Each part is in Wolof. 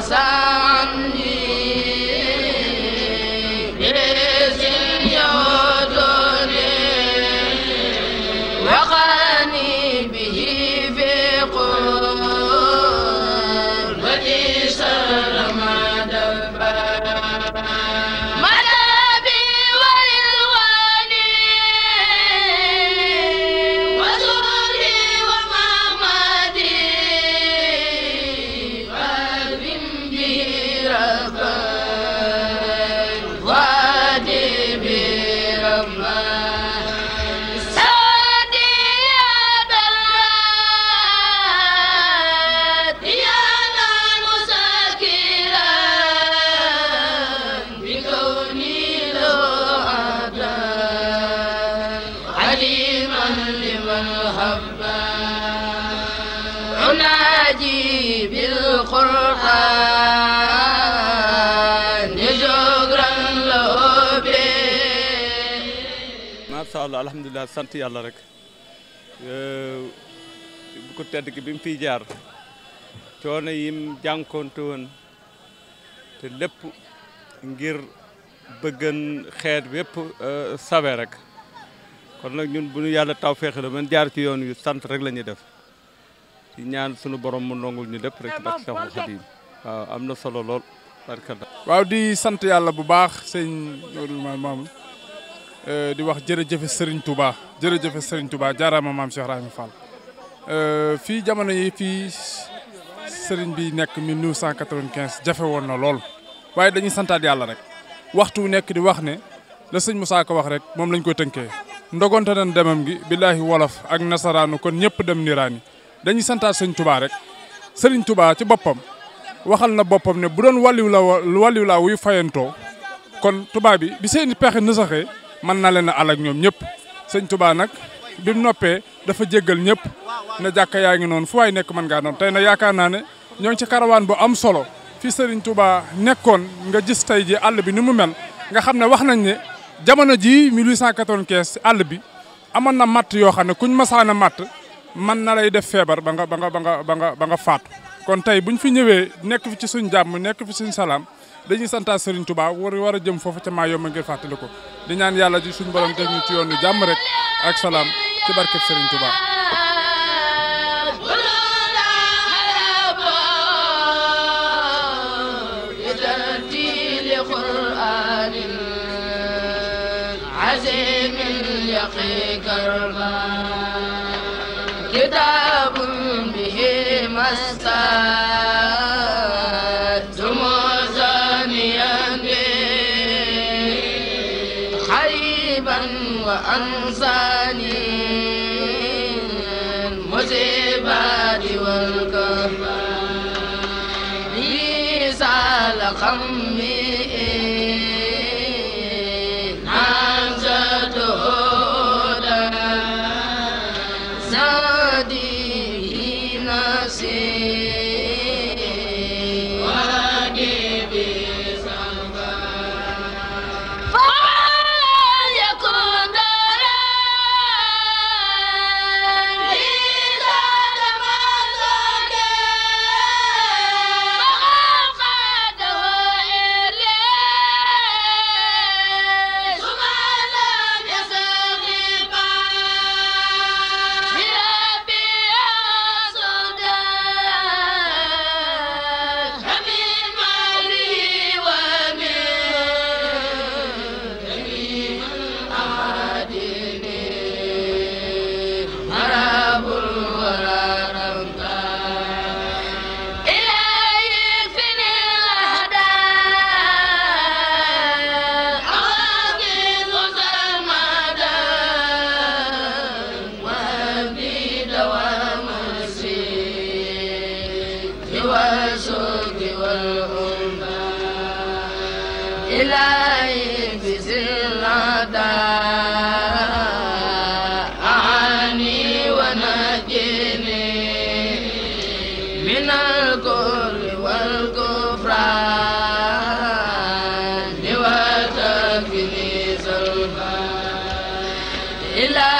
وسعا macha allah alhamdulilah sant yàlla rek bu ko tedd ki bi mu fi jaar coono yim jànkoonte woon te lépp ngir bëggan xeet wépp sawe rek kon nag ñun bu ñu yàlla taw feexe la man jaar ci yoon yu sant rek lañuy def ci ñaan sunu borom mu nongul ñu lépp rek ndax Cheikhul Khadim waaw am na solo lool barkalla waaw di sant yàlla bu baax sëñ Mamadou Mamoun Euh, di wax jërëjëfe Serigne Touba jërëjëfe Serigne Touba jaaraama maam Cheikh Rahim Fall euh, fii jamono yi fii Serigne bi nekk 1995 jafe woon na lool waaye dañuy santaat yàlla rek waxtu nekk di wax ne la sëñ Moussa ko wax rek moom lañ koy tënkee ndogonte nañ demam gi billaahi wolof ak nasaraanu kon ñëpp dem niraani dañuy santaat sëñ Touba rek Serigne tubaa ci boppam waxal na boppam ne bu doon wàlliw la wàlliw laa wuy fayantoo kon Touba bi bi seeni pexe nësaxee mën na leen a alak ñoom ñëpp sëñ Touba nag bi noppee dafa jéggal ñëpp na jàkka yaa ngi noonu fu waay nekk mën ngaa noonu tey na yaakaar naane ne ñoo ngi ci karawaan bu am solo fii Serigne Touba nekkoon nga jis tey ji àll bi ni mu mel nga xam ne wax nañ ne jamono jii 1895 àll bi amoon na matt yoo xam ne kuñ masaan a matt mën na lay def feebar ba nga ba nga ba nga ba nga ba nga faatu kon tey buñ fi ñëwee nekk fi ci suñ jàmm nekk fi suñ salaam dañuy santaa Serigne Touba war war a jëm foofu ca maa yomb ngir fàttali ko di ñaan yàlla ji suñu borom teg ñu ci yoonu rek ak salaam ci barkeb Serigne Touba. مصيبا وأنساني المصيبات والكفر لي سال خمر ila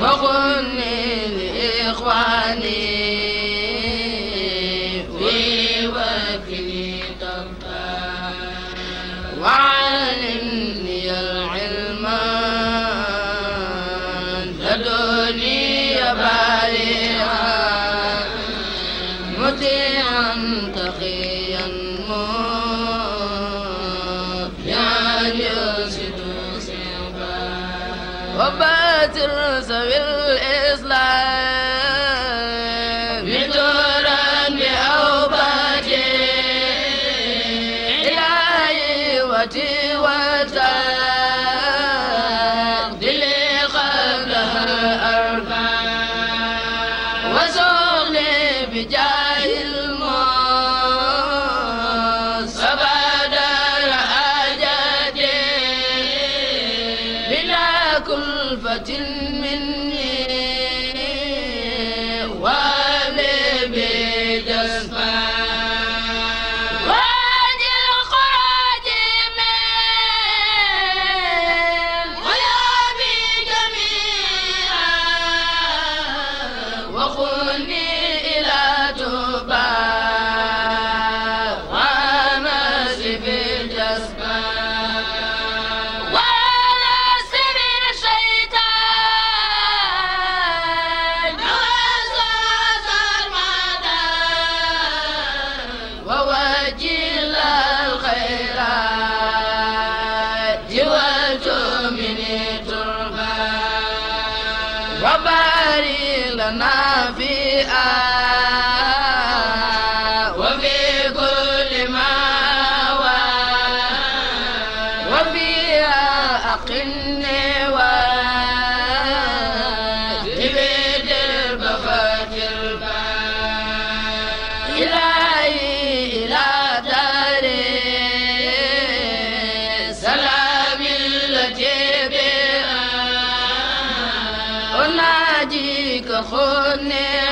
فقل وباتر سوي الإصلاح waxoon ne وباري لنا في آه waxoon ne